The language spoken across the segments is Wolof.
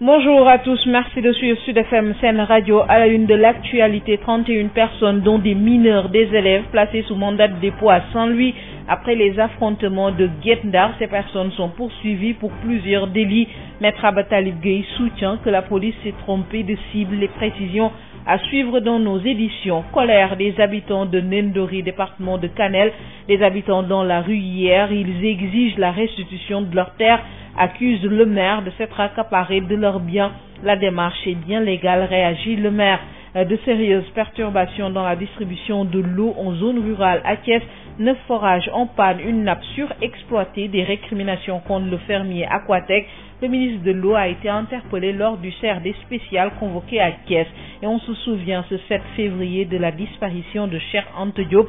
Bonjour à tous, merci de suivre Sud FM Seine Radio à la une de l'actualité. personnes, dont des mineurs, des élèves placés sous mandat de dépôt à Saint-Louis après les affrontements de Guet-Ndar. Ces personnes sont poursuivies pour plusieurs délits. Maître Abatalib Gueye soutient que la police s'est trompée de cible. Les précisions À suivre dans nos éditions, colère des habitants de Nendori, département de Canel, les habitants dans la rue hier, ils exigent la restitution de leurs terres, accusent le maire de s'être accaparé de leurs biens. La démarche est bien légale, réagit le maire. Euh, de sérieuses perturbations dans la distribution de l'eau en zone rurale à Thiès neuf forages en panne, une nappe surexploitée, des récriminations contre le fermier Aquatec. Le ministre de l'eau a été interpellé lors du CRD spécial convoqué à Thiès. Et on se souvient ce 7 février de la disparition de Cher Ante Diop,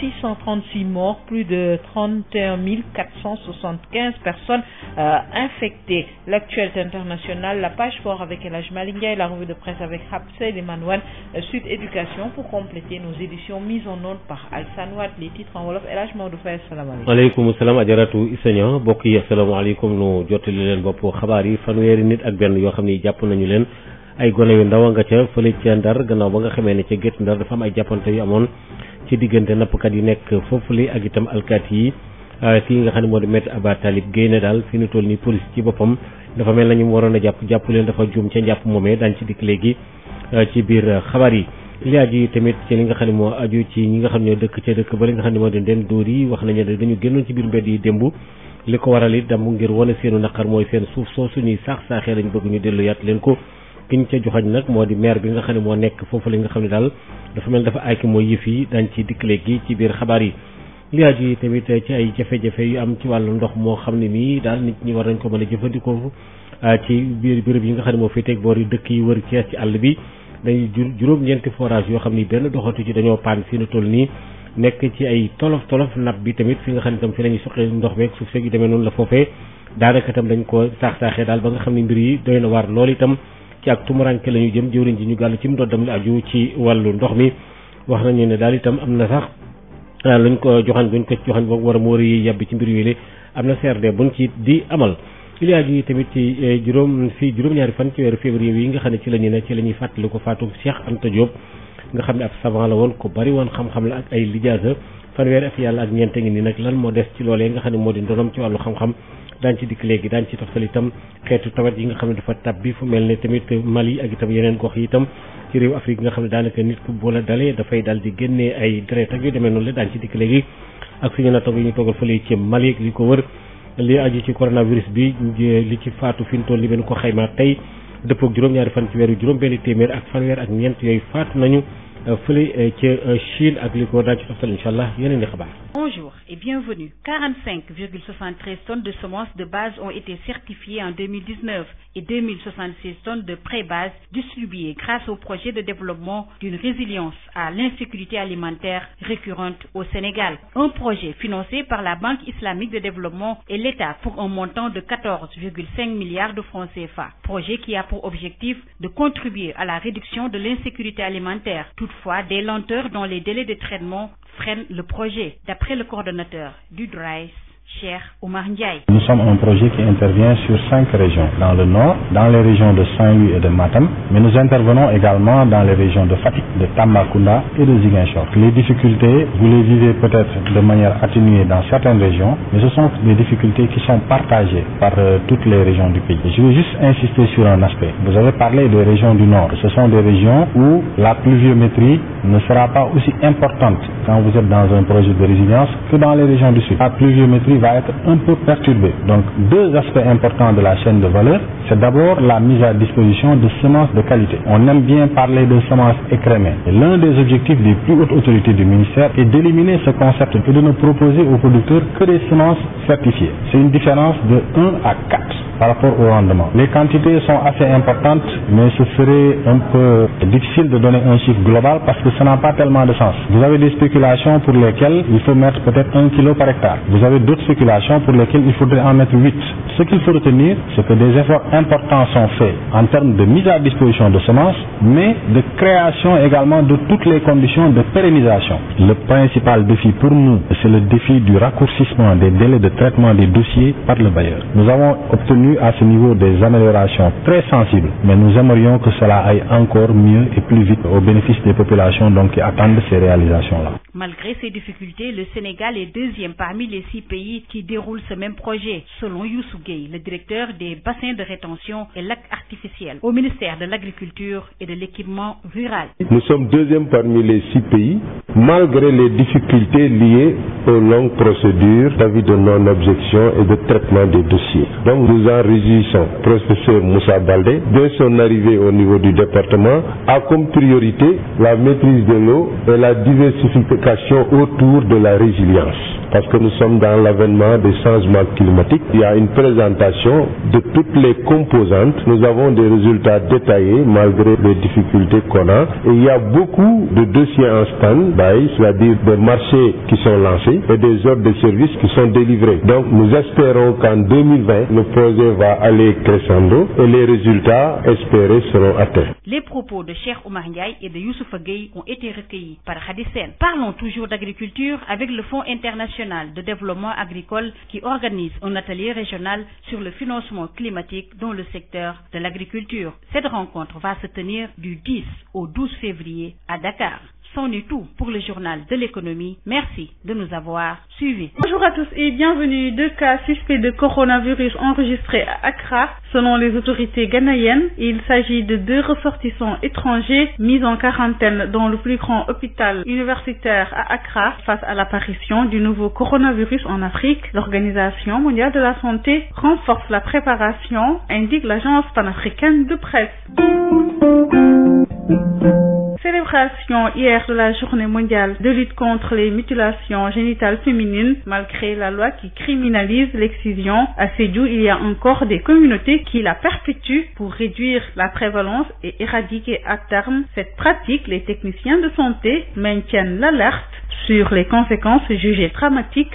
636 morts, plus de 31 475 personnes euh, infectées. L'actualité internationale, la page fort avec Elage Malinga et la revue de presse avec Rapsel Emmanuel, euh, Sud Éducation, pour compléter nos éditions mises en ordre par Alsan Watt. Les titres en wolof Elage Maodo Faye, salaam aleykum. aleykum salaam ajaratu Isenia mbokk yi asalaamaaleykum nu jottali leen bopp xabaar yi fanweeri nit ak benn yoo xam ni jàpp nañu leen. ay gone yu ndaw a nga ca fële ca ndar gannaaw ba nga xamee ne ca gétt ndar dafa am ay jàppante ci diggante nappkat yi nekk foofule ak itam alkaati yi kii euh, nga xam ne moo di maître Aba Talib Guèye daal fi ñu toll nii police ci boppam dafa mel na ñu waroon a jàpp jàpp leen dafa juum ca njàpp moomee daañu ci dikk léegi euh, ci biir xabaar yi. li aju tamit ci li nga xam ne moo aju ci ñi nga xam ne dëkk ca dëkk ba li nga xam ne moo di ndeen dóor yi wax nañu ne dañu génnoon ci biir mbedd yi démb li ko waral it dam ngir wane seenu naqar mooy seen suuf soo suñuy saax saaxee lañ bëgg ñu dellu yaat leen ko kiñ ca joxañ nag moo di maire bi nga xam ne moo nekk foofu li nga xam ne daal dafa mel dafa aaki mooy yëf yi dañ ci dikk léegi ci biir xabaar yi li aju tamit ci ay jafe-jafe am ci wàllu ndox moo xam ne nii daal nit ñi war nañ ko mën a jëfandikoo ah, ci biir béréb yi nga xam ne moo fi teg boor yu dëkk yi wër Thiès ci àll bi dañuy jur juróom-ñeenti forage yoo xam ni benn doxatu ci dañoo paan fi na toll nii nekk ci ay tolof tolof napp bi tamit fi nga xam ne tam fi la ñuy soqee ndox beeg suuf seeg yu demee noonu la foofee daanaka tam dañ ko saax saaxee daal ba nga xam ne mbir yi doy na waar loolu itam ci ak tumuranke la ñu jëm jëwriñ ji ñu gàllu ci mu doddam li aju ci wàllu ndox mi wax nañu ne daal itam am na sax ah, luñ ko joxañ buñ ko joxañ boobu war a mu war a yiy yàbbi ci mbir yooyu le am na CRD buñ ci di amal il y a tamit ci eh, juróom fii juróom-ñaari fan ci weeru février yi nga xam ne ci la ñu ne ci la ñuy fàttali ko faatu Cheikh Anta Diop nga xam ne ab savant la woon ko bari woon xam-xam la ak ay lijaasa fanweeri ak yàlla ak a ngi nii nag lan moo des ci loolee nga xam ne moo di ndonom ci wàllu xam-xam daañ ci dikk léegi daañ ci toftal itam xeetu tawat yi nga xam ne dafa tab bi fu mel ne tamit Mali ak itam yeneen gox yi itam ci réew Afrique nga xam ne daanaka nit ku boola dalee dafay daal di génnee ay deret ak yu demee noonu la daañ ci dikk léegi ak suñu nattoo yi ñu toogal fële ci Mali ak li ko wër li aju ci coronavirus bi li ci faatu fi mu toll li benn ko xaymaa tey dëppook juróom-ñaari fan ci weeru juróom benn téeméer ak fanweer ak ñeent yooyu faatu nañu Euh, fële euh, ca euh, Chine ak li ko daal ci toftal incha allah yeneen i xabaar. Bonjour et bienvenue. 45,73 tonnes de semences de en 2019 et 2066 tonnes de de développement d'une résilience à l'insécurité au Sénégal. Un projet financé par la Banque islamique de développement et de 14,5 milliards de francs CFA. Projet qui a pour à la réduction de l'insécurité alimentaire Toutefois, des lenteurs dans les délais de traitement freinent le projet, d'après le coordonnateur du DRICE. Cheikh Oumar Nous sommes un projet qui intervient sur cinq régions, dans le nord, dans les régions de Saint-Louis et de Matam, mais nous intervenons également dans les régions de Fatick, de Tambacounda et de Ziguinchor. Les difficultés, vous les vivez peut-être de manière atténuée dans certaines régions, mais ce sont des difficultés qui sont partagées par euh, toutes les régions du pays. Je vais juste insister sur un aspect. quand vous êtes dans un projet de résilience que dans qui va être un peu perturbé. Donc deux aspects importants de la chaîne de valeur, c'est d'abord la mise à disposition de semences de qualité. On aime bien parler de semences écrémées. L'un des objectifs des plus hautes autorités du ministère est d'éliminer ce concept et de ne proposer aux producteurs que des semences certifiées. C'est une différence de à par rapport au rendement. Les quantités sont assez importantes, mais ce serait un peu difficile de donner un chiffre global parce que ça n'a pas tellement de sens. Vous avez des spéculations pour lesquelles il faut mettre peut-être un kilo par hectare. Vous avez d'autres spéculations pour lesquelles il faudrait en mettre 8. Ce qu'il faut retenir, c'est que des efforts importants sont faits en termes de mise à disposition de semences, mais de création les conditions de pérennisation. Le principal défi pour nous, c'est le défi des délais de traitement des dossiers obtenu à ce niveau des améliorations très sensibles, mais nous aimerions que cela aille encore mieux et plus vite au bénéfice des populations donc, qui attendent ces réalisations-là. Malgré ces difficultés, le Sénégal est deuxième parmi les six pays qui déroulent ce même projet, selon Youssou le directeur des bassins de rétention et lacs artificiels au ministère de l'Agriculture et de l'Équipement rural. Nous sommes deuxième parmi les six pays, malgré les difficultés liées aux longues procédures de non-objection et de traitement des dossiers. nous en réjouissons. Professeur Moussa Baldé, dès son arrivée au niveau du département, a comme communication autour de la résilience. Parce que nous sommes dans l'avènement des changements climatiques. Il y a une présentation de toutes les composantes. Nous avons des résultats détaillés malgré les difficultés qu'on a. Et il y a beaucoup de dossiers en stand-by, dire des marchés qui sont lancés et des ordres de services qui sont délivrés. Donc nous espérons qu'en le projet va aller crescendo et les résultats espérés seront atteints. Les propos de Cheikh Oumar toujours d'agriculture avec le Fonds international de développement agricole qui organise un atelier régional sur le financement climatique dans le secteur de l'agriculture. Cette rencontre va se tenir du 10 au 12 février à Dakar. C'en est tout pour le journal de l'économie. Merci de nous avoir suivis. Bonjour à tous et bienvenue. Deux cas suspects de coronavirus enregistrés à Accra selon les autorités ghanéennes. Il s'agit de deux ressortissants étrangers mis en quarantaine dans le plus grand hôpital universitaire à Accra face à l'apparition du nouveau coronavirus en Afrique. L'Organisation mondiale de la santé renforce la préparation, indique l'agence panafricaine de presse. Célébration hier de la journée mondiale de lutte contre les mutilations génitales féminines, malgré la loi qui criminalise l'excision, à Sédhiou, il y a encore des communautés qui la perpétuent pour réduire la prévalence et éradiquer à terme cette pratique. Les techniciens de santé maintiennent l'alerte sur les conséquences jugées dramatiques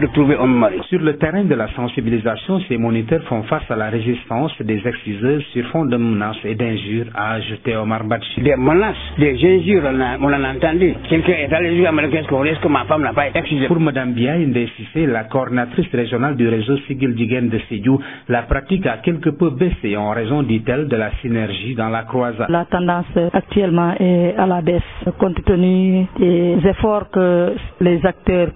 de trouver un mari. Sur le terrain de la sensibilisation, ces moniteurs font face à la résistance des exciseurs sur fond de menaces et d'injures à jeter Omar Bachi. Des menaces, des injures, on a entendu. Quelqu'un est allé dire la coordinatrice régionale du réseau Sigil Digen de Sidiou, la pratique a quelque peu baissé en raison, dit-elle, de la synergie dans la croisade. La tendance actuellement est à la baisse, compte tenu des les acteurs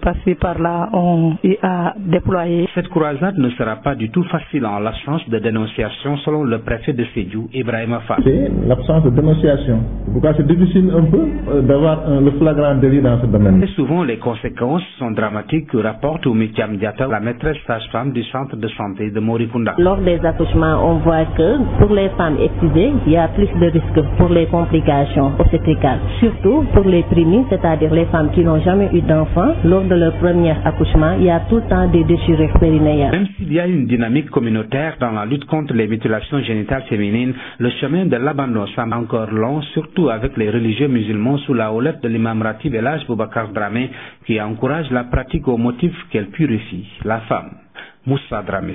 l'Union a déployé. Cette croisade ne sera pas du tout facile en l'absence de dénonciation, selon le préfet de Sédhiou, Ibrahima Fall. C'est l'absence de dénonciation. Pourquoi c'est difficile un peu euh, d'avoir le flagrant délit dans ce domaine. Et souvent, les conséquences sont dramatiques, rapporte Oumikiam Diata, la maîtresse sage-femme du centre de santé de Morikunda. Lors des accouchements, on voit que pour les femmes excisées, il y a plus de risques il y temps des déchirures périnéales. Même s'il y a une dynamique communautaire dans la lutte contre les mutilations génitales féminines, le chemin de l'abandon semble encore long, surtout avec les religieux musulmans sous la houlette de l'imam Ratib Elhaj Boubacar qui encourage la pratique au motif qu'elle purifie la femme. Moussa Dramé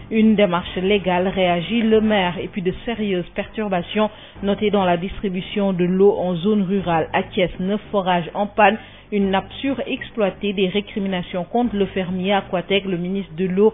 Une démarche légale réagit le maire et puis de sérieuses perturbations notées dans la distribution de l'eau en zone rurale à Thiès, neuf forages en panne une nappe surexploitée des récriminations contre le fermier Aquatec le ministre de l'eau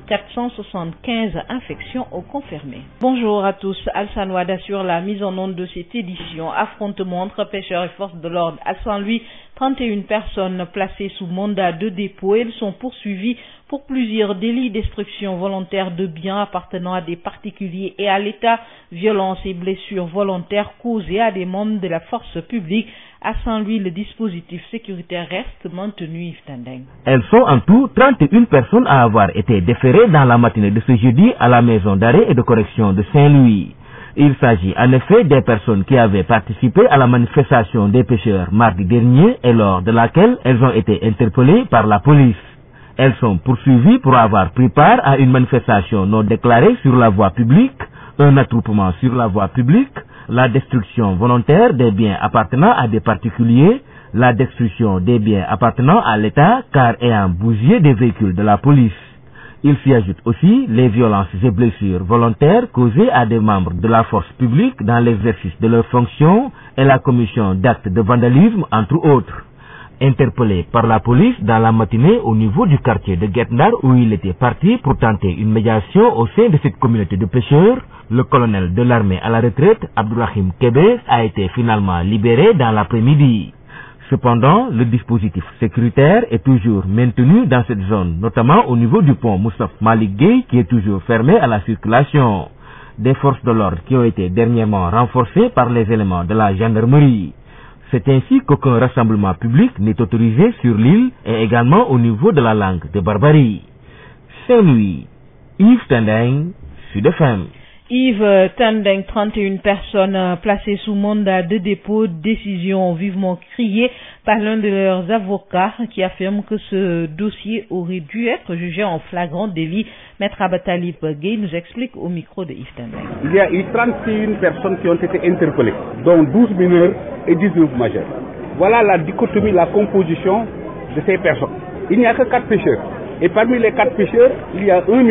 475 infections au confirmé. Bonjour à tous, Alsan assure la mise en onde de cette édition. Affrontement entre pêcheurs et forces de l'ordre à Saint-Louis, 31 personnes placées sous mandat de dépôt. Elles sont poursuivies pour plusieurs délits, destruction volontaire de biens appartenant à des particuliers et à l'État, violences et blessures volontaires causées à des membres de la force publique. À Saint-Louis, le dispositif sécuritaire reste maintenu, Yves Elles sont en tout 31 personnes à avoir été déférées dans la matinée de ce jeudi à la maison d'arrêt et de correction de Saint-Louis. Il s'agit en effet des personnes qui avaient participé à la manifestation des pêcheurs mardi dernier et lors de laquelle elles ont été interpellées par la police. Elles sont poursuivies pour avoir pris part à une manifestation non déclarée sur la voie publique, un attroupement sur la voie publique, la destruction volontaire des biens appartenant à des particuliers, la destruction des biens appartenant à l'État car ayant bougé des véhicules de la police. Il s'y ajoute aussi les violences et blessures volontaires causées à des membres de la force publique dans l'exercice de leurs fonctions et la commission d'actes de vandalisme, entre autres. interpellé par la police dans la matinée au niveau du quartier de Guetnar où il était parti pour tenter une médiation au sein de cette communauté de pêcheurs. Le colonel de l'armée à la retraite, Abdourahim Kebes, a été finalement libéré dans l'après-midi. Cependant, le dispositif sécuritaire est toujours maintenu dans cette zone, notamment au niveau du pont Moussaf Malik Gay qui est toujours fermé à la circulation. Des forces de l'ordre qui ont été dernièrement renforcées par C'est ainsi qu'aucun rassemblement public n'est autorisé sur l'île et également au niveau de la langue de Barbarie. Saint-Louis, Yves Tendeng, Sud FM. Yves Tandeng, 31 personnes euh, placées sous mandat de dépôt, décision vivement criée par l'un de leurs avocats qui affirme que ce dossier aurait dû être jugé en flagrant délit. Maître Abatalib Gay nous explique au micro de Yves Il y a eu 31 personnes qui ont été interpellées, dont mineurs et majeurs. Voilà la dichotomie, la composition de ces personnes. Il n'y a que pêcheurs. Et parmi les pêcheurs, il y a un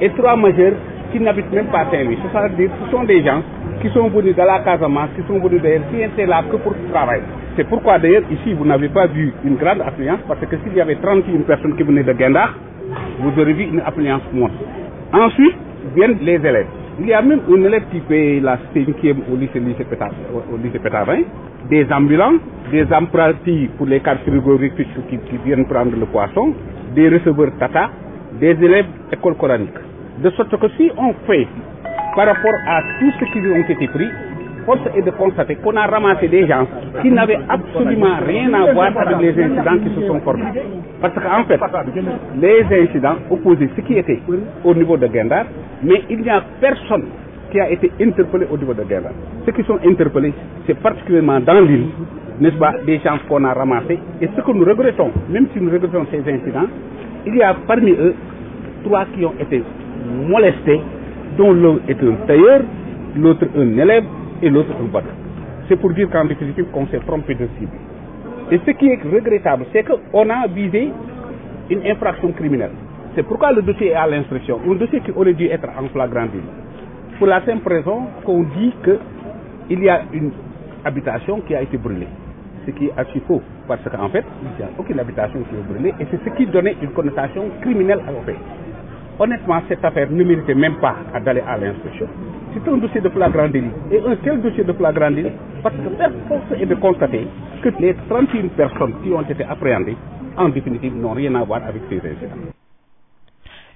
et 3 majeurs qui n'habitent même pas Saint-Louis. C'est-à-dire ce sont des gens qui sont venus de la Casamance, qui sont venus d'ailleurs, qui étaient là que pour travailler. C'est pourquoi d'ailleurs ici vous n'avez pas vu une grande affluence parce que s'il y avait 31 personnes qui venaient de Guendar, vous auriez une affluence moindre. Ensuite viennent les élèves. Il y a même un élève qui fait la cinquième au lycée, lycée Pétavin, au lycée Pétavin, des ambulants, des apprentis pour les cartes frigorifiques qui, qui viennent prendre le poisson, des receveurs tata, des élèves école coranique. De sorte que si on fait par rapport à tout ce qui lui ont pris, force est de constater qu'on a ramassé des gens qui n'avaient absolument rien à avec les incidents qui se sont formés. Parce qu'en fait, les incidents opposaient ce qui était au niveau de Gendar, mais il n'y a personne qui a été interpellé au niveau de Gendar. Ceux qui sont interpellés, c'est particulièrement dans l'île, n'est-ce pas, des gens qu'on a ramassés. Et ce que nous regrettons, même si nous molestés, dont l'un est un tailleur, l'autre un élève et l'autre un bateau. C'est pour dire qu'en définitive, qu'on s'est trompé de cible. Et ce qui est regrettable, c'est qu'on a visé une infraction criminelle. C'est pourquoi le dossier est à l'instruction. Un dossier qui aurait dû être en flagrant délit. Pour la simple raison qu'on dit qu'il y a une habitation qui a été brûlée. Ce qui est archi faux. Parce qu'en fait, il n'y a aucune habitation qui est brûlée. Et honnêtement, cette affaire ne méritait même pas d'aller à l'instruction. C'est un dossier de flagrant délit. Et un tel dossier de flagrant délit, parce que faire est de constater que les 31 personnes qui ont été appréhendées, en définitive, n'ont rien à voir avec ces incidents.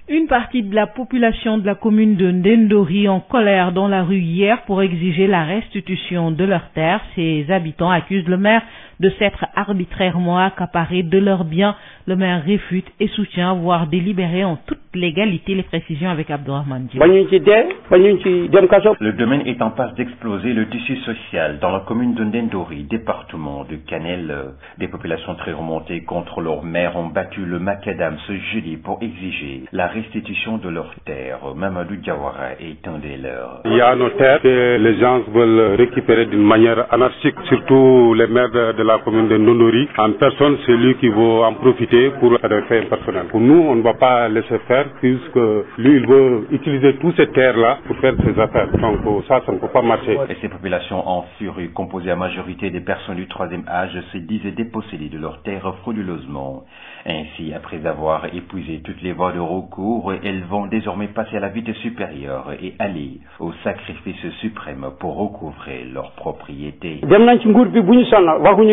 Une partie de la commune de Ndendori en colère dans la rue hier pour exiger la restitution de leurs terres. Ses habitants accusent le maire de s'être arbitrairement accaparés de leurs biens. Le maire réfute et soutient, voire délibéré en toute légalité, les précisions avec Abdourahmane Diop. Le domaine est en passe d'exploser le tissu social dans la commune de Ndendori, département de Canel. Des populations très remontées contre leur maire ont battu le macadam ce jeudi pour exiger la restitution de leurs terres. Mamadou Diawara est un des Il y a nos terres que les gens veulent récupérer la commune de Ndondori en personne, c'est lui qui va en profiter pour faire un personnel. Pour nous, on ne va pas laisser faire puisque lui, il veut utiliser toutes ces terres-là pour faire ses affaires. Donc euh, ça, ça ne peut pas marcher. Et ces populations en furie, composées à majorité des personnes du troisième âge, se disent dépossédées de leurs terres frauduleusement. Ainsi, après avoir épuisé toutes les voies de recours, elles vont désormais passer à la vite supérieure et aller au sacrifice suprême pour recouvrer leurs propriétés. dem nañ ci nguur bi bu ñu sonn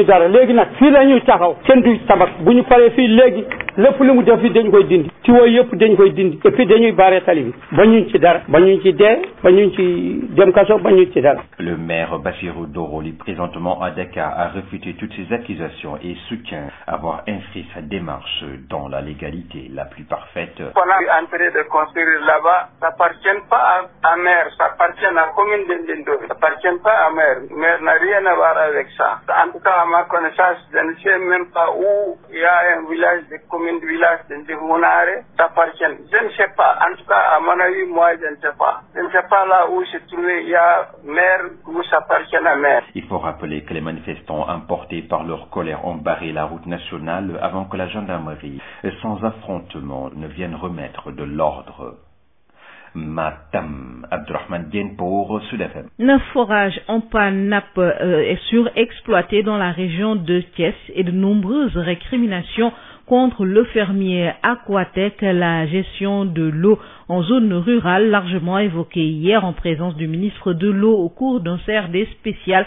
dara léegi nag fii la ñuy taxaw du tabax bu ñu paree fii lépp li mu def fi dañ koy dindi ci wooyu yëpp dañ koy dindi et puis dañuy baare tali bi ba ci dara ba ñuñ ci dee ba ci dem kaso ba ñuñ ci dara Le maire Bassirou Doroli présentement à Dakar a réfuté toutes ces accusations et soutient avoir inscrit sa démarche dans la légalité la plus parfaite. Qu'on a en train de construire là-bas, ça appartient pas à, à maire, ça à commune de Lindor, ça pas à maire. Maire n'a rien à avec ça. En cas, à a communes du village de Mounaré t'appartiennent. Je ne sais pas. En tout cas, à mon avis, moi, je ne sais pas. Je ne sais pas là où se trouvait, il y a maire, où ça à maire. Il faut rappeler que les manifestants emportés par leur colère ont barré la route nationale avant que la gendarmerie, sans affrontement, ne vienne remettre de l'ordre. Matam Abdurrahman Dien Sud FM. Neuf forages en panne nappe euh, est surexploité dans la région de Thiès et de nombreuses récriminations contre le fermier Aquatec, la gestion de l'eau en zone rurale largement évoquée hier en présence du ministre de l'eau au cours d'un CRD spécial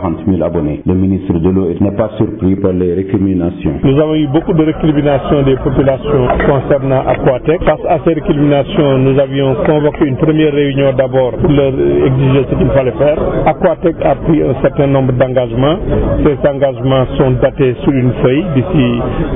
40 Le ministre de l'eau n'est pas surpris par les récriminations. Nous avons eu beaucoup de récriminations des populations concernant Aquatec. Face à ces récriminations, nous avions convoqué une première réunion d'abord pour leur exiger ce qu'il a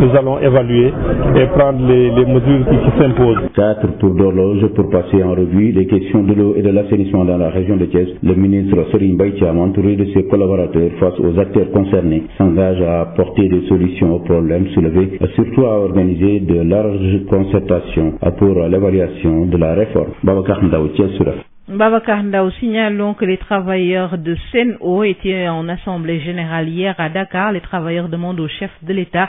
nous allons évaluer et prendre les, mesures qui, s'imposent. Quatre tours d'horloge pour passer en revue les questions de l'eau et de l'assainissement dans la région de Thiès. Le ministre Serine Baïtia, entouré de ses collaborateurs face aux acteurs concernés s'engage à apporter des solutions aux problèmes soulevés, surtout à organiser de larges concertations pour l'évaluation de la réforme. Babacar Ndao, Babacar Ndao, signalons que les travailleurs de Sen'Eau étaient en assemblée générale hier à Dakar. Les travailleurs demandent au chef de l'État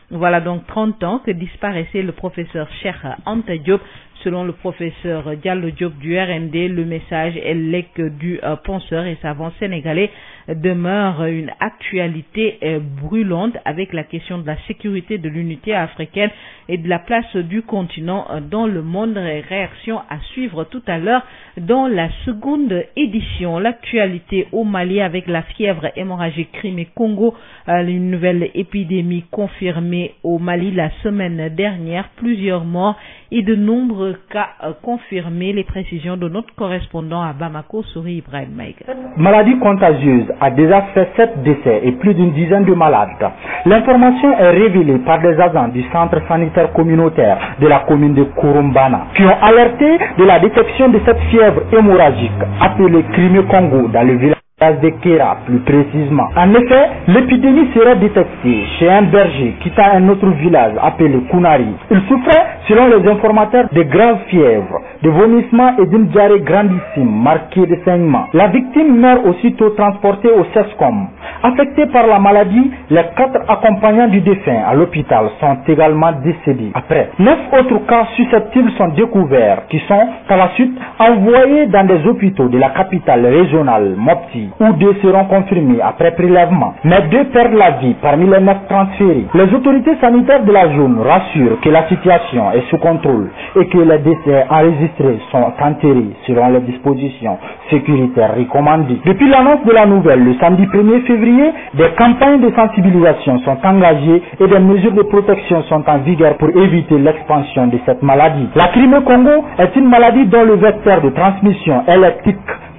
Voilà donc 30 ans que disparaissait le professeur Cheikh Anta Diop, Selon le professeur Diallo Diop du RMD, le message est l'ec du euh, penseur et savant sénégalais demeure une actualité euh, brûlante avec la question de la sécurité de l'unité africaine et de la place du continent euh, dans le monde. Réaction à suivre tout à l'heure dans la seconde édition. L'actualité au Mali avec la fièvre hémorragique Crimée Congo, une nouvelle épidémie confirmée au Mali la semaine dernière, plusieurs morts et de nombreux d'autres euh, cas confirmés. Les précisions de notre correspondant à Bamako, Souri Ibrahim Maïga. Maladie contagieuse a déjà fait sept décès et plus d'une dizaine de malades. L'information est révélée par des agents du centre sanitaire communautaire de la commune de Kurumbana qui ont alerté de la détection de cette fièvre hémorragique appelée Crimée Congo dans le de Kera plus précisément. En effet, l'épidémie serait détectée chez un berger quittant un autre village appelé Kunari. Il souffrait, selon les informateurs, de graves fièvres, de vomissements et d'une diarrhée grandissime marquée de saignements. La victime meurt aussitôt transportée au CESCOM. Affectés par la maladie, les quatre accompagnants du défunt à l'hôpital sont également décédés. Après, neuf autres cas susceptibles sont découverts qui sont par ou deux seront confirmés après prélèvement. Mais deux perdent la vie parmi les neuf transférés. Les autorités sanitaires de la zone rassurent que la situation est sous contrôle et que les décès enregistrés sont enterrés selon les dispositions sécuritaires recommandées. Depuis l'annonce de la nouvelle le samedi 1er février, des campagnes de sensibilisation sont engagées et des mesures de protection sont en vigueur pour éviter l'expansion de cette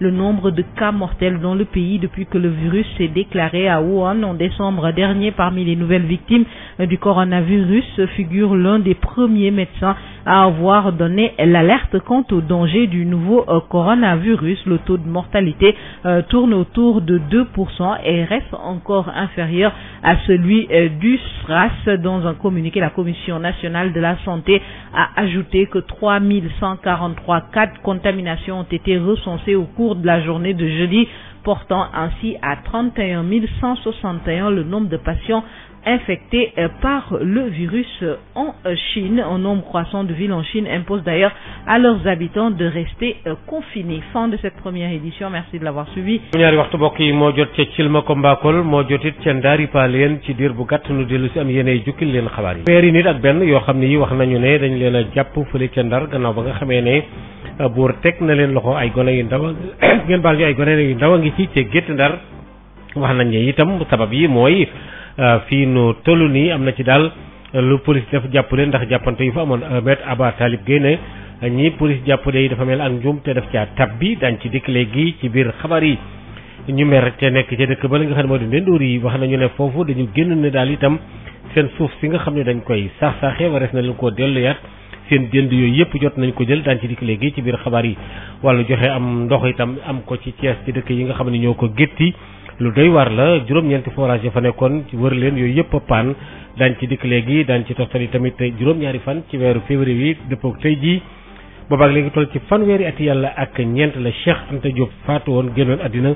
le nombre de cas mortels dans le pays depuis que le virus s'est déclaré à Wuhan en décembre dernier. Parmi les nouvelles victimes euh, du coronavirus figure l'un des premiers médecins à avoir donné l'alerte quant au danger du nouveau euh, Le taux de mortalité euh, tourne autour de 2% et reste encore inférieur à celui euh, du SRAS. Dans un communiqué, la Commission nationale de la santé a ajouté que 3143 cas de contamination ont été recensés au cours de la journée de jeudi portant ainsi à 31 161 le nombre de patients infectés euh, par le virus en Chine. Un nombre croissant de villes en Chine impose d'ailleurs à leurs habitants de rester euh, confinés. Fin de cette première édition merci de l'avoir suivi. ñaari waxtu mbokk yi moo jot ca Cilma ko Mbakol moo jotit ca Ndaari Paleen ci diir bu gàtt nu dellu si am yeneen jukkil leen xabaar yi. weeri nit ak benn yoo xam ne yi wax nañu ne dañ leen a jàpp fële ca Ndar gannaaw ba nga xamee ne euh, buur teg na leen loxo ay gone yu ndaw ngeen baal a ngi ci te gétt Ndar wax nañ ne itam sabab yi mooy. Euh, fii nu toll nii am na ci daal lu police def jàpp leen ndax jàppante yu fa amoon maître Aba Talib Guèye ne ñi police jàpp de yi dafa mel ak njuum te def caa tab bi daañu ci dikk léegi ci biir xabar yi. ñu mer te nekk ca dëkk ba la nga xam ne moo di ndóor yi wax nañu ne foofu dañu génn ne daal itam seen suuf si nga xam ne dañ koy saax saaxee warees na leen koo delluyaat seen jënd yooyu yëpp jot nañ ko jël daan ci dikk léegi ci biir xabaar yi wàllu joxe am ndox itam am ko ci Thiès ci dëkk yi nga xam ne ñoo ko gétti lu doy waar la juróom-ñeenti forage ya fa nekkoon ci wër leen yooyu yëpp a paan daañ ci dikk léegi daañ ci toftali tamit juróom-ñaari fan ci weeru février bi dëppook tey jii boobaak léegi toll ci fanweeri at yàlla ak ñeent la Cheikh Anta Diop faatu woon génnoon àddina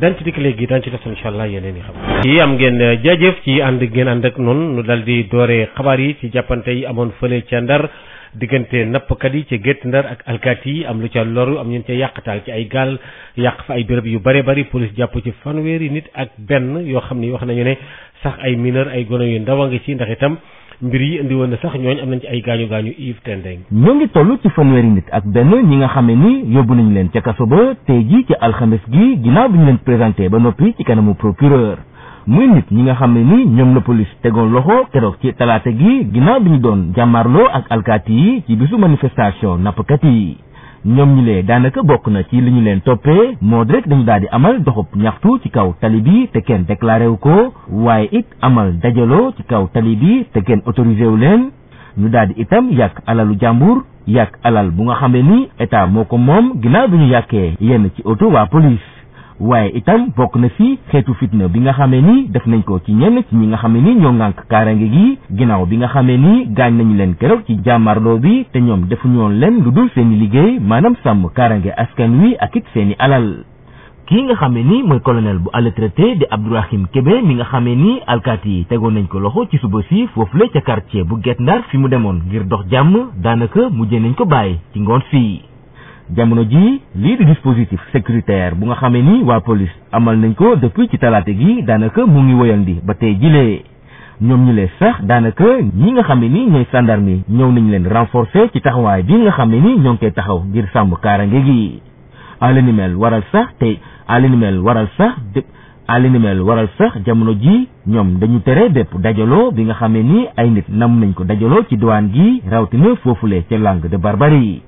daañ ci dikk léegi daañ ci toftal incha allah yeneen yi xam yi am ngeen eh, jaajëf ci ànd ngeen ànd ak noonu nu daal di doore xabaar yi ci jàppante yi amoon fële ca Ndar diggante nappkat yi ci gétt ndar ak alkaati yi am lu ca loru am ñun ca taal ci ay gaal yàq fa ay bërëb yu bare bari police jàpp ci fanweeri nit ak benn yoo xam ni wax nañu ne sax ay mineur ay gone yu ndaw a ngi ci ndax itam mbir yi indi woon sax ñooñ am nañ ci ay gaañu gaañu Yves Tendeng ñoo ngi toll ci fanweeri nit ak benn ñi nga xame ni yóbbu nañu leen ca kaso ba tey ji ci alxames gi ginnaaw bi ñu leen présenté ba noppi ci kanamu procureur muy nit ñi nga xam ne ni ñoom la police tegoon loxo keroog ci talaata gi ginnaaw bi ñu doon jàmmarloo ak alkaati yi ci bisu manifestation nappkat yi ñoom ñu lee daanaka bokk na ci li ñu leen toppee moo di rek dañu daal di amal doxub ñaxtu ci kaw tali bi te kenn déclaré ko waaye it amal dajaloo ci kaw tali bi te kenn autorisé wu leen ñu daal di itam yàq alalu jàmbur yàq alal bu nga xam ne ni état moo ko moom ginnaaw bi ñu yàqee yenn ci oto waa police waaye itam bokk na ci xeetu fitna bi nga xamee ni def nañ ko ci ñenn ci ñi nga xamee ni ñoo ngànk kaarange gi ginnaaw bi nga xamee ni gaañ nañu leen keroog ci jàmmarloo bi te ñoom defuñoon leen lu dul seeni liggéey maanaam sàmm kaarange askan wi ak it seeni alal kii nga xamee ni mooy colonel bu à la di Abdourahim kebe mi nga xamee ni alkaati yi tegoon nañ ko loxo ci suba si foofu la ca quartier bu Guet Ndar fi mu demoon ngir dox jàmm daanaka mujjee nañ ko bàyyi ci ngoon fii jamono ji lii di dispositif sécuritaire bu nga xamee ni waa police amal nañ ko depuis ci talaate gi daanaka mu ngi woyandi ba tey jilee ñoom ñu lee sax daanaka ñi nga xam ne ni ñooy gendarme ñëw nañu leen renforcer ci taxawaay bi nga xam ne ni ñoo ngi koy taxaw ngir sàmm kaarange gi alinimel waral sax te alinimel waral sax alinimel waral sax jamono ji ñoom dañu tere bépp dajaloo bi nga xam ne ni ay nit namm nañ ko dajaloo ci diwaan gi rawatina foofule ca Langue de Barbarie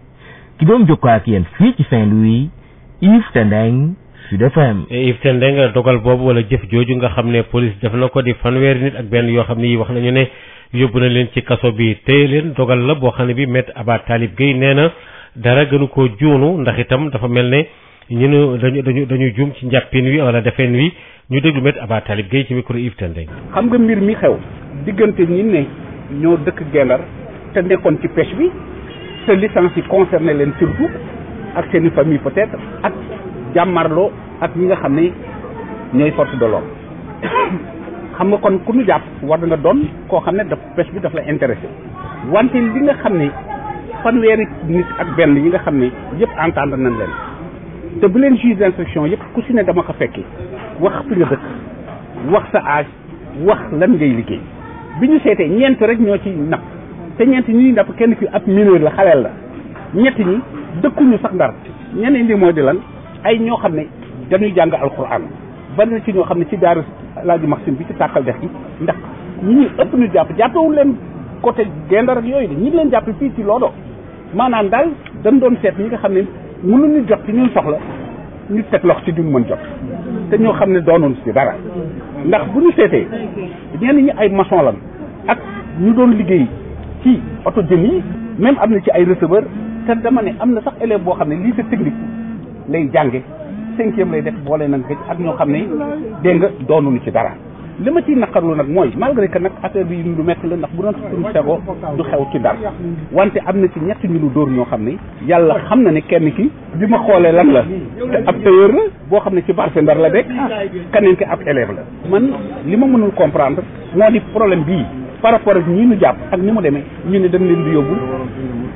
ki doon jokkoo ak yéen fii ci Saint-Louis Yves Tendeng Sud FM. E Yves dogal boobu wala jëf jooju nga xam ne police def na ko di fanweeri nit ak benn yoo xam ne yi wax nañu ne yóbbu na leen ci kaso bi téye leen dogal la boo xam ne bi maître Aba Talib Gueye nee na dara gënu ko juunu ndax itam dafa mel ne ñu ne dañu dañu jum ci njàppin wi wala defeen wi ñu déglu maître Aba Talib Gueye ci micro Yves Tendeng. xam nga mbir mi xew diggante ñi ne ñoo dëkk Gendar te bi. te licence yi concerné leen surtout ak seen i famille peut-être ak jàmmarloo ak ñi nga xam ne ñooy force de l'ordre xam nga kon ku ñu jàpp war na nga doon koo xam ne daf pêche bi daf la intéressé wante li nga xam ne fanweeri nit ak benn ñi nga xam ne yëpp entendre nañ leen te bu leen juge d'instruction yëpp ku si ne dama ko fekki wax fi nga dëkk wax sa âge wax lan ngay liggéey bi ñu seetee ñeent rek ñoo ci napp te ñeenti ñi ndapp kenn fii ab mineur la xaleel la ñetti ñi dëkkuñu sax ndar ñeneen li mooy di lan ay ñoo xam ne dañuy jàng alquran bari na ci ñoo xam ne ci daaru laaji maxim bi ci tàkkal dex gi ndax ñi ñu ëpp ñu jàpp jàppewul leen côté gendar ak yooyu de ñi leen jàpp fii ci loodo maanaam daal dañ doon seet ñi nga xam ne mu mënuñu jot ci ñun soxla ñu teg lox ci duñ mën jot te ñoo xam ne doonoon si dara ndax bu ñu seetee ñenn ñi ay mason lan ak ñu doon liggéey ci oto jën yi même am na ci ay receveur te dama ne am na sax élève boo xam ne lycée technique lay jànge cinquième lay def boole nag ak ñoo xam ne dégg nga doonuñu ci dara li ma ciy naqarlu nag mooy malgré que nag affaire bi lu metti la ndax bu doon suñu sago du xew ci dara wante am na ci ñetti ñu lu dóor ñoo xam ne yàlla xam na ne kenn ki bi ma xoolee lan la te ab tailleur la boo xam ne ci marché Ndar la de keneen ki ab élève la man li ma mënul comprendre moo problème bii par rapport ak ñii ñu jàpp ak ni mu demee ñu ne dañ leen di yóbbu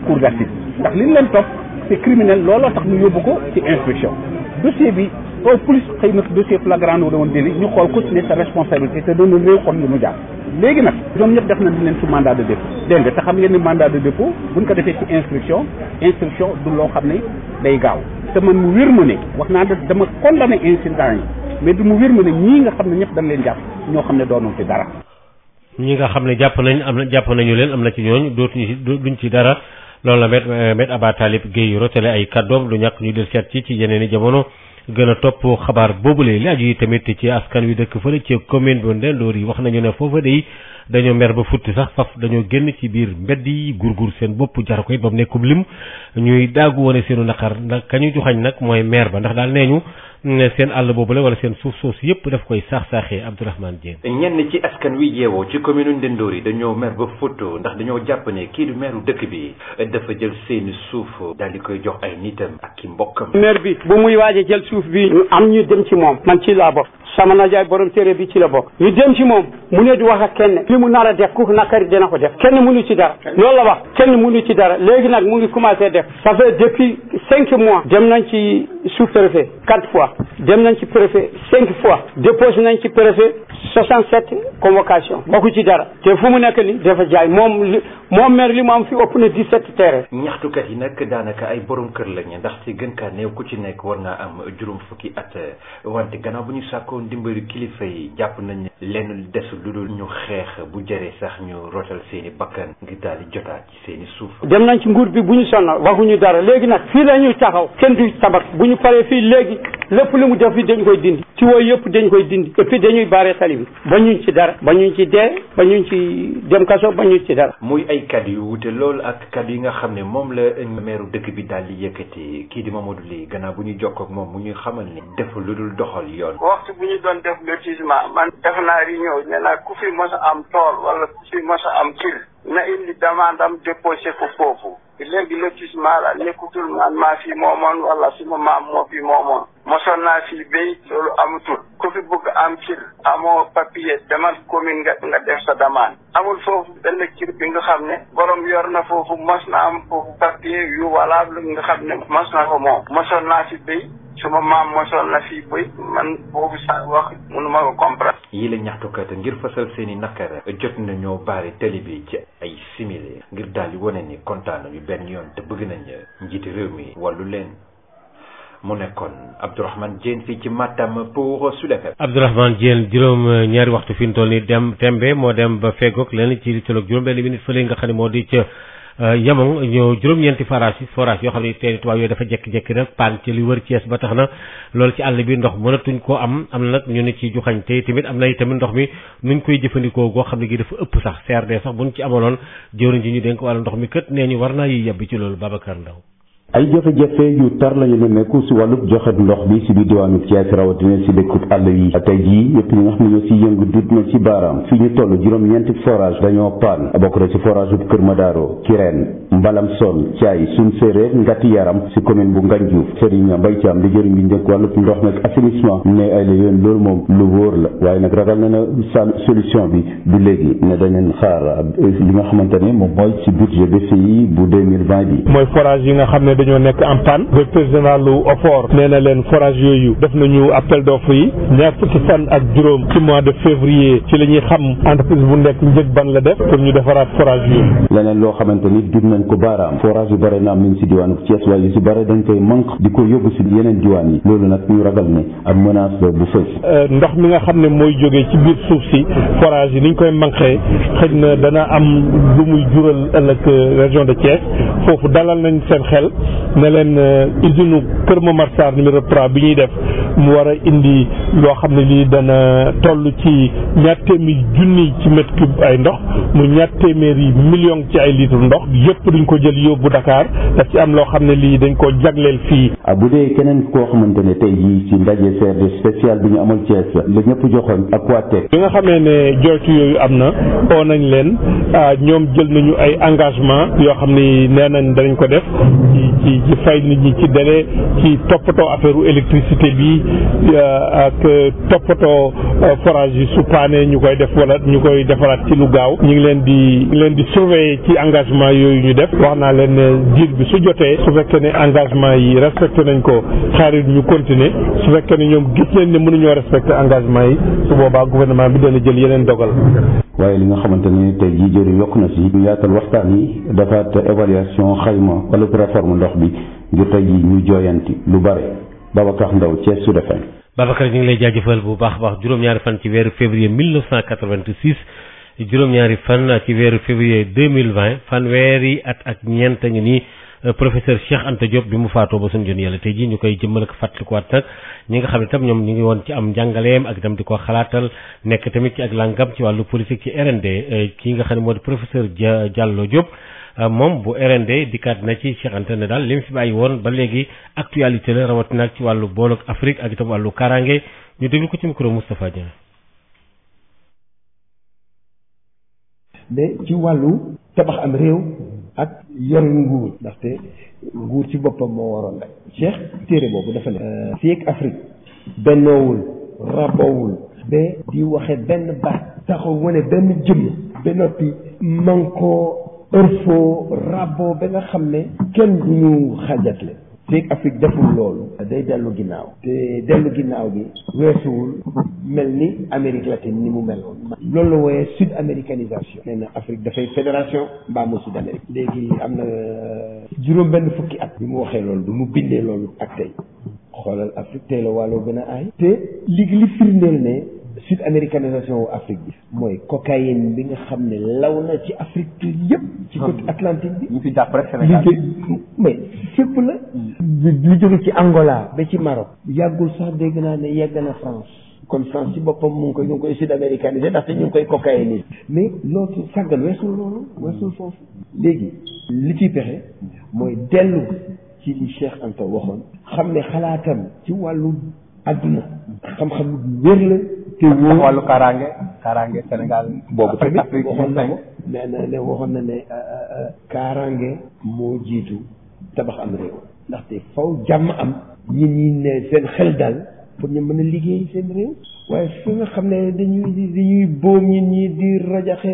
cour d'assises ndax liñ leen topp c'est criminel looloo tax ñu yóbbu ko ci inspection dossier bi au plus xëy na dossier flagrant wu doon délit ñu xool ko ci ne sa responsabilité te doon réew kon yu ñu jàpp léegi nag ñoom ñëpp def nañ leen ci mandat de dépôt dégg nga te xam ngeen ni mandat de dépôt buñ ko defee ci instruction instruction du loo xam ne day gaaw te man mu wér ma ne wax naa da dama condamné incident yi mais du mu wér ne ñii nga xam ne ñëpp dañ leen jàpp ñoo xam ne doonul ci dara ñi nga xam ne jàpp nañ am na jàpp nañu leen am na ci ñooñ dootuñu duñ ci dara lool la met met Aba Talib Guèye rotale ay kàddoom du ñàkk ñu del seet ci ci i jamono gën a topp xabaar boobule li aju yi tamit ci askan wi dëkk fële ci commune bu Ndendoor yi wax nañu ne foofa day dañoo mer ba futti sax faf dañoo génn ci biir mbedd yi gur gurgur seen bopp jar ko it ba mu nekkum lim ñuy daagu wane seenu naqar ndax kañu joxañ nag mooy maire ba ndax daal nee ñu seen àll la wala seen suuf suuf si yëpp daf koy saax saaxee Abdourahmane Dieng. ñenn ci askan wi yeewoo ci commune Ndindoor yi dañoo mer ba photo ndax dañoo jàpp ne kii du meeru dëkk bi dafa jël seeni suuf daal di koy jox ay nitam ak ki mbokkam. maire bi bu muy waaj a jël suuf bi am ñu dem ci moom man ci laa bokk. sama najaay borom téere bi ci la bokk ñu dem ci moom mu ne du wax ak kenn li mu nar a def ku nakari dina ko def kenn mënu ci dara loolu la wax kenn mënu ci dara léegi nag mu ngi commencé def ça fait depuis cinq mois dem nañ ci sous préfet quatre fois dem nañ ci préfet cinq fois déposé nañ ci préfet soixante sept convocation bokku ci dara te fu mu nekk ni dafa jaay moom moom maire li mu am fi ëpp na dix sept terrain ñaxtukat yi nag daanaka ay borom kër lañu ndax ci gën kaa néew ku ci nekk war naa juróom fukki at wante gannaaw bu ñu sàkkoon ndimbalu kilifa yi jàpp nañ ne lenn desul lu dul ñu xeex bu jëree sax ñu rotal seen i bakkan ngir daal jotaat ci seen i suuf. dem nañ ci nguur bi bu ñu sonn waxuñu dara léegi nag fii la ñuy taxaw kenn du tabax bu ñu paree fii léegi lépp lu mu def fii dañ koy dindi ci wooyu yëpp dañ koy dindi et puis dañuy baaree tali bi ba ñu ci dara ba ñu ci dee ba ñu ci dem kaso ba ñu ci dara. muy ay kaddu yu wute loolu ak kaddu yi nga xam ne moom la meeru dëkk bi daal di yëkkati kii di Mamadou Ly gannaaw bu ñuy jokkoo moom mu ñuy xamal ni def lu dul doxal yoon dañu doon def lotissement man def naa réunion ne naa ku fi mos a am tool wala ku fi mos a am kër na indi demande am déposé ko foofu léegi lotissement la nekkutul man maa fi moomoon wala suma maam moo fi moomoon mosoon naa fi béy loolu amatul ku fi bëgg am kër amoo papier demal commune nga nga def sa demande amul foofu benn kër bi nga xam ne borom yor na foofu mos na am foofu papier yu valable nga xam ne mos na ko moom mosoon naa fi béy suma maam mosoon na fii bëy man boobu sa wax mënu ma ko comprendre. yi la ñaxtukat ngir fasal seen i naqar jot nañoo baare tali bi ci ay simili ngir dal di wane ni kontaan nañu benn yoon te bëgg nañ njiiti réew mi wallu leen. mu nekkoon Abdourahmane Diène fii ci Matam pour Sud FM. Abdourahmane Diène juróom ñaari waxtu fi mu toll nii dem tembe moo dem ba feggoog lenn ci li juróom benn minute fële nga xam ne moo di ca. Euh, yamoo ñoo juróom-ñeenti forage yi forage yoo xam ne teeni tubaab yooyu dafa jekki-jekki na paan ci li wër Thiès ba tax na loolu ci àll bi ndox mënatuñ ko am am na nag ñu ne ci juxañte tamit am na tamit ndox mi nuñ koy jëfandikoo goo xam ne gi dafa ëpp sax CRD sax buñ ci amaloon jëwriñ ji ñu dénk wàllu ndox mi kët nee ñu war naa yi yebbi ci loolu Babacar Ndaw ay jafe-jafe yu tar la ñu nekku si wàllub joxe ndox bi si biir diwaanu Thiès rawatina si dëkkub àll yi tey jii yëpp ñi nga xam ne ñoo si yëngu dut na si baaraam fii ñu toll juróom-ñeenti forage dañoo paan bokk na si forage bu Kër Madaro Kirène Mbalam Son Thiaye Sun Séeréer Ngati Yaram si commune bu Ngandiouf Serigne Mbaye Thiam di jëriñ bi njëkk wàllub ndox nag assainissement ne ay la yoon loolu moom lu wóor la waaye nag ragal na ne sa solution bi du léegi ne dañeen xaar li nga xamante ne moom mooy si budget BCI bu 2020 bi dañoo nekk en panne directeur général lu OFOR nee na leen forage yooyu def nañu appel d'offre yi ñaar fukki fan ak juróom ci mois de février ci la ñuy xam entreprise bu nekk njëg ban la def pour ñu defaraat forage yooyu. leneen loo xamante ni dut nañ ko baaraam forage yu bare naam am ngi si diwaanu Thiès waaye yu si bare dañ koy manque di ko yóbbu si yeneen diwaan yi loolu nag ñu ragal ne ak menace bu fës. Euh, ndox mi nga xam ne mooy jógee ci biir suuf si forage yi ni koy manqué xëy na dana am lu muy jural euh, région de Thiès foofu dalal nañ seen xel. ne leen euh, usine Kër Momar Sarr numéro 3 bi ñuy def mu war a indi loo xam ne lii dana toll ci ñaar téeméeri junni ci mètre cube ay ndox mu ñaar téeméeri million ci ay litre ndox yëpp duñ ko jël yóbbu Dakar daf ci am loo xam ne lii dañ ko jagleel fii. Ah, bu dee keneen koo xamante ne tey jii ci ndaje service spécial bi ñu amal Thiès la ñëpp joxoon ak waa Teg. bi nga xamee ne jooytu yooyu am na oo nañ leen ah ñoom jël nañu ay engagement yoo xam ne nee nañ danañ ko def. ci ci fay nit ñi ci délai ci toppatoo affaire u électricité bi euh, ak toppatoo euh, forage yi su paanee ñu koy def wala ñu koy defaraat ci lu gaaw ñu ngi leen di leen di surveiller ci engagement yooyu ñu def wax naa leen ne diir bi su jotee su fekkee ne engagement yi respecté nañ ko xaarit ñu continuer su fekkee ne ñoom gis nañ ne mënuñoo respecté engagement yi su boobaa gouvernement bi dana jël yeneen dogal waaye li nga xamante ne tey jii jëri yokk na si yaatal waxtaan yi dafaat évaluation xayma wala réforme ndox wax bi ngir tey jii ñu jooyanti lu bare Babacar Ndaw Thiès Sud FM Babacar ñu ngi lay jaajëfal bu baax a baax juróom-ñaari fan ci weeru février 1986 juróom-ñaari fan ci weeru février 2020 fanweeri at ak ñeent a ngi nii euh, professeur Cheikh Anta Diop bi mu faatoo ba suñu jën yàlla te jii ñu koy jëmmal ak fàttalikuwaat nag ñi nga xam ne tam ñoom ñu ngi woon ci am njàngaleem ak itam di ko xalaatal nekk tamit ci ak langam ci wàllu politique ci RND euh, kii nga xam ne moo di professeur Diallo Euh, moom bu RND dikkaat na ci Cheikh ne daal li mu fi bàyyi woon ba léegi actualité la rawatina ci wàllu boolog Afrique ak itam wàllu kaaraange ñu déglu ko ci micro Moustapha Dieng. de ci wàllu tabax am réew ak yor nguur ndaxte nguur ci boppam moo waroon rek Cheikh téere boobu dafa ne euh, fii ak Afrique bennoowul rabowul ba di waxe benn baat taxaw wane benn jëmm ba noppi man koo ërfoo rabbo ba nga xam ne kenn du ñu xajatle feeg Afrique deful loolu day dellu ginnaaw te dellu ginnaaw bi weesuwul mel ni Amérique latine ni mu meloon loolu la wooyee sud américanisation nee Afrique dafay fédération mbaa mu sud Amérique léegi am na euh, juróom benn fukki at bi mu waxee loolu bi mu bindee loolu ak tey xoolal Afrique tey la wàlloo gën a aay te li li firndeel ne sud américanisation wu Afrique bi mooy cocaïne bi nga xam ne law na ci Afrique yëpp. ci côte hmm. bi. ñu fi jàpp rek Sénégal mais fépp la. lu jóge ci Angola ba ci Maroc. yàggul sax dégg naa ne yegg na France. kon France ci boppam mu ngi koy ñu ngi koy sud américanisé ndaxte ñu ngi koy cocaïne mais loolu sàggal weesul loolu weesul foofu. léegi li ciy pexe mooy dellu ci li Cheikh Anta waxoon. xam ne xalaatam ci wàllu àdduna xam-xam wér la. ci wàllu kaaraange kaaraange Sénégal. boobu tamit waxoon na ko nee na waxoon na ne euh, euh, euh, kaaraange moo jiitu tabax am réew ndaxte faw jàmm am. ñit ñi ne seen xel dal pour ñu mën a liggéey seen réew. waaye su nga xam ne dañuy dañuy boom ñit ñi di rajaxe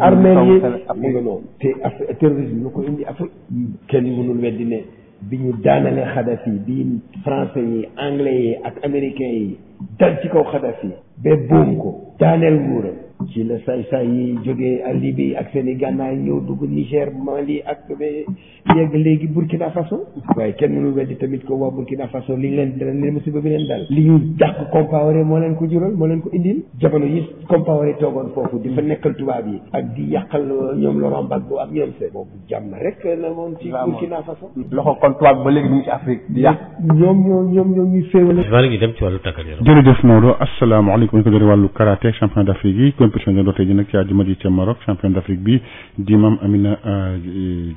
armée yi mu nga noonu te terrorisme lu ko indi Afrique kenn mënul weddi ne bi ñu daanale Kadhafi bi français yi anglais yi ak américains yi dal ci kaw Kadhafi ba boom ko daaneel nguuram ci la saay-saay yi jógee ak Libye ak seen i gànnaay ñëw dugg Niger Mali ak yegg léegi Burkina Faso waaye kenn mënu weddi tamit ko waa Burkina Faso li leen dal ni musiba bi leen dal li ñu jàq Compaoré moo leen ko jural moo leen ko indil jamono yi Compaoré toogoon foofu di fa nekkal tubaab yi ak di yàqal ñoom Laurent Gbagbo ak ñoom seen boobu jàmm rek la moom ci Burkina Faso loxo kon tubaab ba léegi mu ngi ci Afrique di ñoom ñoom ñoom ñoom ñuy féewale maa dem ci wàllu tàggat yaram jërëjëf Maodo asalaamaaleykum ko jëri wàllu karaté championnat compétition dootee ji nag ci àjjuma ji ca Maroc champion d'Afrique bi di Mame Amina euh,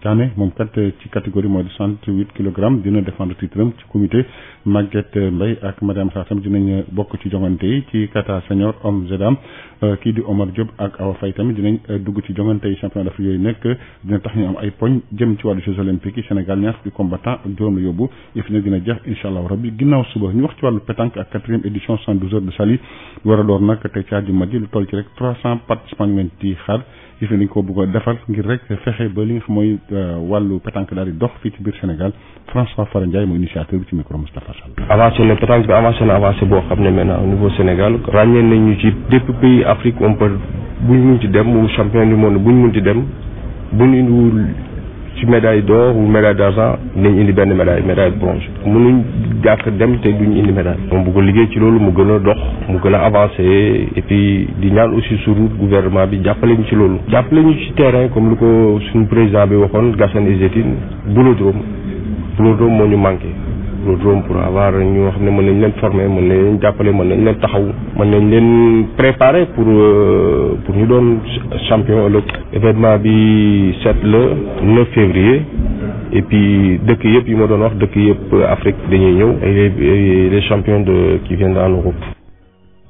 Diané moom kat ci catégorie mooy 68 kilogrammes dina défendre titre am ci comité Maguette Mbaye ak Mariam Sarr tam dinañ bokk ci jongante yi ci kata senior homme et dame Euh, kii di Omar Diop ak Awa Faye dinañ euh, dugg ci jongante yi championnat d'Afrique yooyu nekk dina tax ñu am ay poñ jëm ci wàllu jeux olympiques yi Sénégal ñaar fukki combattant ak juróom la yóbbu yëf na dina jeex incha allah rabbi ginnaaw suba ñu wax ci wàllu pétanque ak quatrième édition 112 heures de Saly war a door nag te ci àjjuma ji lu toll ci rek 300 participants ñu leen gis nga ni ko bëgg a defal ngir rek fexe ba li nga mooy euh, wàllu pétanque daal di dox fii ci biir Sénégal François Fara Ndiaye mooy initiateur bi ci micro Moustapha Sall. avancé na pétanque bi avancé na avancé boo xam ne maintenant au niveau Sénégal ràññee nañu ci bépp pays Afrique on peut buñ mun ci dem mu champion du monde buñ mun ci dem buñ indiwul. ci médaille d'or ou médaille d'argent nañ indi benn médaille médaille bronze mënuñ jàkk dem te duñ indi médaille moom bu ko liggéey ci loolu mu gën a dox mu gën a avancé et puis di ñaan aussi suru gouvernement bi jàppale ñu ci loolu jàppale ñu ci terrain comme lu ko suñu président bi waxoon Gassane Izzetine boulodrome boulodrome moo ñu manqué hippodrome pour avoir ñu wax ne mën nañ leen former mën nañ leen jàppale mën nañ leen taxaw mën nañ leen préparer pour euh, pour ñu doon champion ëllëg événement bi sept le 9 février et puis dëkk yëpp yi ma doon wax dëkk yëpp Afrique dañuy ñëw ay les champions de qui viennent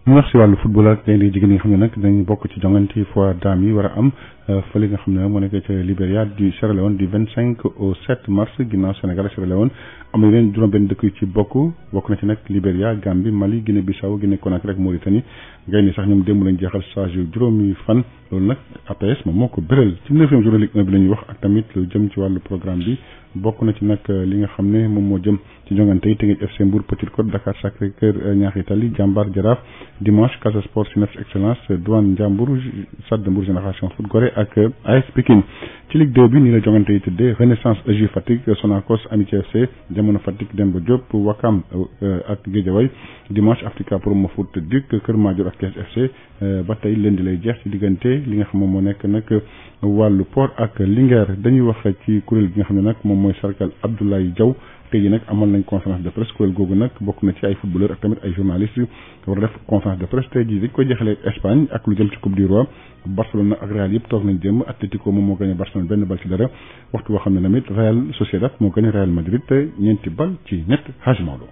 ñu wax si wàllu football ak léeg-léeg jigéen yi nga xam ne nag dañu bokk ci jongante fois daam yi war a am euh, fële nga xam ne moo nekk ca Libéria du Sierra Leone du 25 au 7 mars ginnaaw Sénégal Sierra Leone am na yeneen juróom benn dëkk yu ci bokk bokk na ci nag Libéria Gambie Mali Guinée Bissau Guinée Conakry ak Mauritanie gay ni sax ñoom démb lañ jeexal stage yu juróomi fan loolu nag APS moom moo ko bëral ci neuvième journée Ligue 1 bi la wax ak tamit lu jëm ci wàllu programme bi bokk na ci nag euh, li nga xam ne moom moo jëm ci jongante yi Teungueth FC Mbour Petite Côte Dakar Sacré Cœur euh, Niary Tally Diambar Jaraaf dimanche Casa Sport Cneps Excellence euh, Douane Ndiambour Stade de Mbour Génération Foot Gorée ak AS Pikine ci Ligue 2 bi nii la jongante yi tëddee Renaissance AJ Fatick Sonacos Amitié FC Jamono Fatick Demba Diop Wakam euh, ak Guédiawaye dimanche Africa Promo Foot Duc Kër Madior ak Thiès FC euh, ba tey leen lundi lay jeex ci diggante li nga xam moom moo nekk nag wàllu port ak Linguère dañuy wax ci kuréel gi nga xam ne nag moom mooy sarkal Abdoulaye jaw tey ji nag amal nañ conférence de presse kuréel googu nag bokk na ci ay footballeur ak tamit ay journaliste war a def conférence de presse tey ji dañ koy jeexalee Espagne ak lu jëm ci coupe du roi Barcelona ak Real yëpp toog nañ jëm Atlético moom moo gagné Barcelone benn bal ci dara waxtu boo xam ne tamit Real Sociedad moo gagné Real Madrid ñeenti bal ci ñett Hadj Maodo